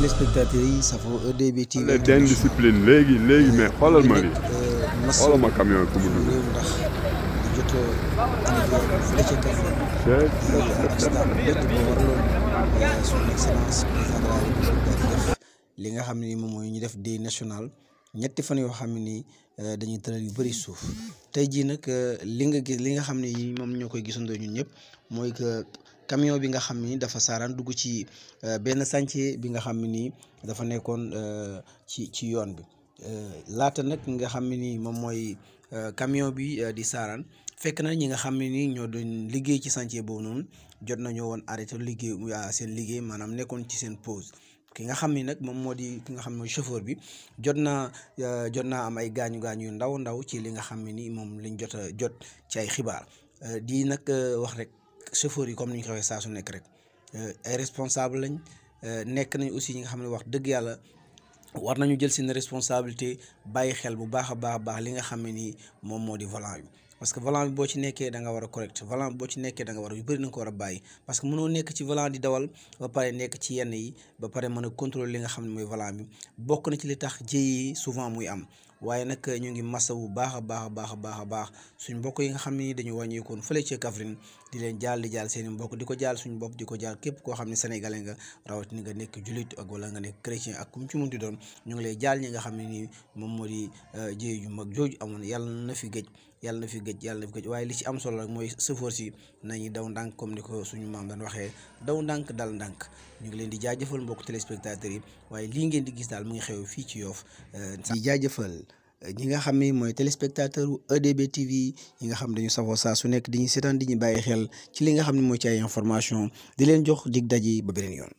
téléspectateurs yi safoo e euh, euh, euh, li nga xam ne moom mooy ñu def day national ñetti fan yoo xam ne nii dañuy tëral yu bëri suuf tey jii nag li nga gis li nga xam ne moom ñoo koy gisandoo ñun ñëpp mooy que. camion bi nga xam ni dafa saaraan dugg ci euh, benn chantier bi nga xam ne nii dafa nekkoon euh, ci ci yoon bi euh, laata nag nga xam ne nii moom mooy camion bi di saaraan fekk na ñi nga xam ne nii ñoo doon liggéey ci chantier boobu noonu jot nañoo woon arrêté liggéey seen liggéey maanaam nekkoon ci seen pause. ki nga xam ni nag moom moo di ki nga xam ne chauffeur bi jot naa jot naa am ay gaañu gaañu yu ndaw ndaw ci li nga xam ne ni moom lañ jot a jot ci ay xibaar di nag wax rek chauffeurs yi comme ni ñu xewee saa su nekk rek euh, ay responsable lañ euh, nekk nañ aussi ñi nga xam ne wax dëgg yàlla war nañu jël seen responsabilité bàyyi xel bu baax a baax baax li nga xam ne nii moom moo di volant bi parce que volant boo ci nekkee da nga war a correct volant boo ci nekkee da nga war a yu bëri na nga a bàyyi parce que mënoo nekk ci volant di dawal ba pare nekk ci yenn yi ba pare mën a contrôler li nga xam ne mooy volant bi bokk na ci li tax jéey yi souvent muy am waaye nag ñu ngi masa wu baax a baax a baax a baax a baax suñ mbokk yi nga xam ni dañu wàññeekoon fële ci Kaffrine di leen jaal di jaal seen mbokk di ko jaal suñu bopp di ko jaal képp koo xam ne sénégalais nga rawatina nga nekk julit ak wala nga nekk chrétien ak kum ci munti doon ñu ngi lay jaal ñi nga xam ne nii moom moo di euh, jéey ju mag jooju amoon yàlla na fi géej yàlla na fi géej yàlla na fi li ci am solo rek mooy sëfoor si nañu daw ndànk comme ni ko suñu maam waxee daw ndànk dal ndànk ñu ngi leen di jaajëfal mbokk téléspectateurs yi waaye lii ngeen di gis daal mu ngi xew fii ci Yoff euh, di jaajëfal ñi nga xam ne mooy téléspectateur u EDB TV yi nga xam dañu safoo saa su nekk di ñu seetaan di ñu bàyyi xel ci li nga xam ne mooy caay ay information di leen jox dig daji ba beneen yoon